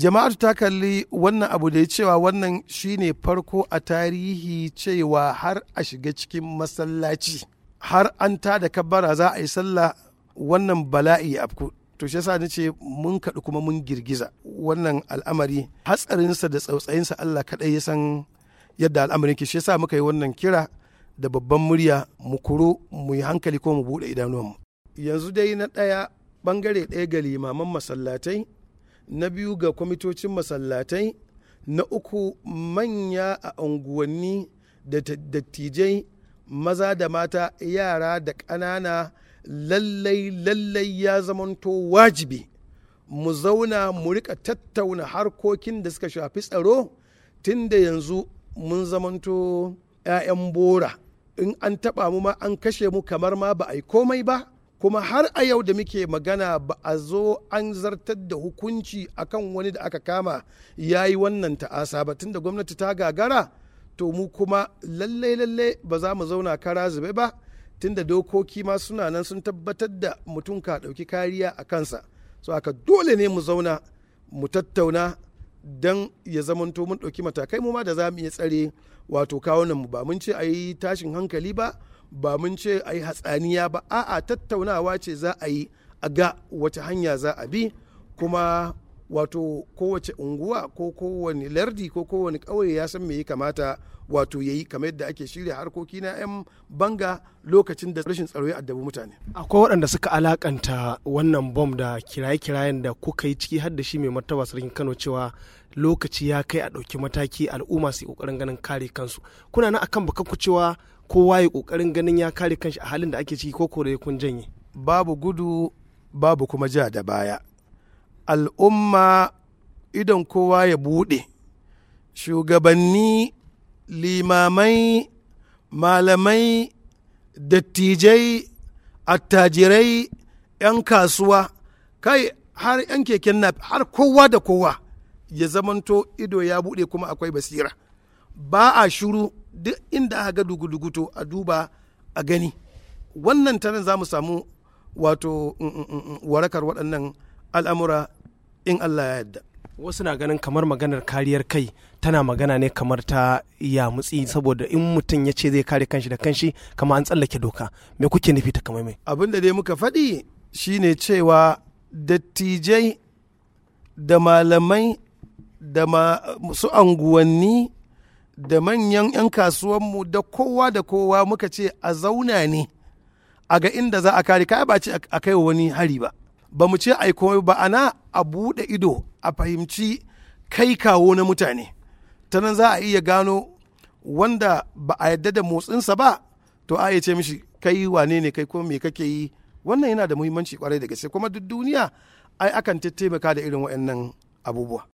jama'atu ta kalli wannan abu da ya cewa wannan shine farko a tarihi cewa har a shiga cikin masallaci har an ta da kabara za a yi sallah wannan bala'i ya afku to shi yasa nace mun kaɗu kuma mun girgiza wannan al'amari hatsarinsa da tsautsayinsa Allah kaɗai ya san yadda al'amarin ke shi yasa muka yi wannan kira da babban murya mu kuro mu yi hankali ko mu buɗe idanuwanmu yanzu dai na ɗaya bangare ɗaya ga limaman masallatai na biyu ga kwamitocin masallatai na uku manya a unguwanni da dattijai maza da mata yara da ƙanana lallai lallai ya zamanto wajibi mu zauna mu rika tattauna harkokin da suka shafi tsaro tun da yanzu mun zamanto 'ya'yan bora in an taɓa mu ma an kashe mu kamar ma ba a yi komai ba kuma har a yau da muke magana ba a zo an zartar da hukunci akan wani da aka kama ya yi wannan ta'asa ba tun da gwamnati ta gagara to mu kuma lalle-lalle ba za mu zauna kara zube ba tun da dokoki ma suna nan sun tabbatar da mutum ka ɗauki kariya a kansa so aka dole ne mu zauna mu tattauna don ya zamanto mun ɗauki matakai mu ma da za mu iya tsare wato kawunanmu ba mun ce a yi tashin hankali ba ba mun ce a yi hatsaniya ba a'a tattaunawa ce za a yi a ga wata hanya za a bi kuma wato kowace unguwa ko kowane lardi ko kowane ƙauye ya san me ya kamata wato ya yi kamar yadda ake shirya harkoki na 'yan banga lokacin da rashin tsaro ya addabi mutane. Akwai waɗanda suka alakanta wannan bom da kiraye-kirayen da kuka yi ciki har da shi mai martaba sarkin Kano cewa lokaci ya kai a ɗauki mataki al'umma su yi ƙoƙarin ganin kare kansu. Kuna nan akan baka ku cewa kowa ya kokarin ganin ya kare kanshi a halin da ake ciki ko kore kun janye babu gudu babu kuma ja da baya al'umma idan kowa ya bude shugabanni limamai malamai dattijai attajirai 'yan kasuwa kai har 'yan keken na har kowa da kowa ya zamanto ido ya bude kuma akwai basira ba a shuru duk inda aka ga dugu-dugu to a duba a gani wannan tanan za mu samu wato mm, mm, mm, warakar waɗannan al'amura in Allah ya yadda wasu na ganin kamar maganar kariyar kai tana magana ne kamar ta ya mutsi saboda in mutum ya ce zai kare kanshi da kanshi kama an tsallake doka me kuke nufi ta kamar mai abin da dai muka faɗi shine cewa dattijai da malamai da masu anguwanni da manyan 'yan kasuwanmu da kowa da kowa muka ce a zauna ne a ga inda za a kare kai ba ce a kai wani hari ba ba mu ce aiko ba ana a buɗe ido a fahimci kai kawo na mutane ta nan za a iya gano wanda ba a yadda da motsinsa ba to a ce mishi kai wane ne kai kuma me kake yi wannan yana da muhimmanci kwarai da gaske kuma duk duniya ai akan taimaka da irin waɗannan abubuwa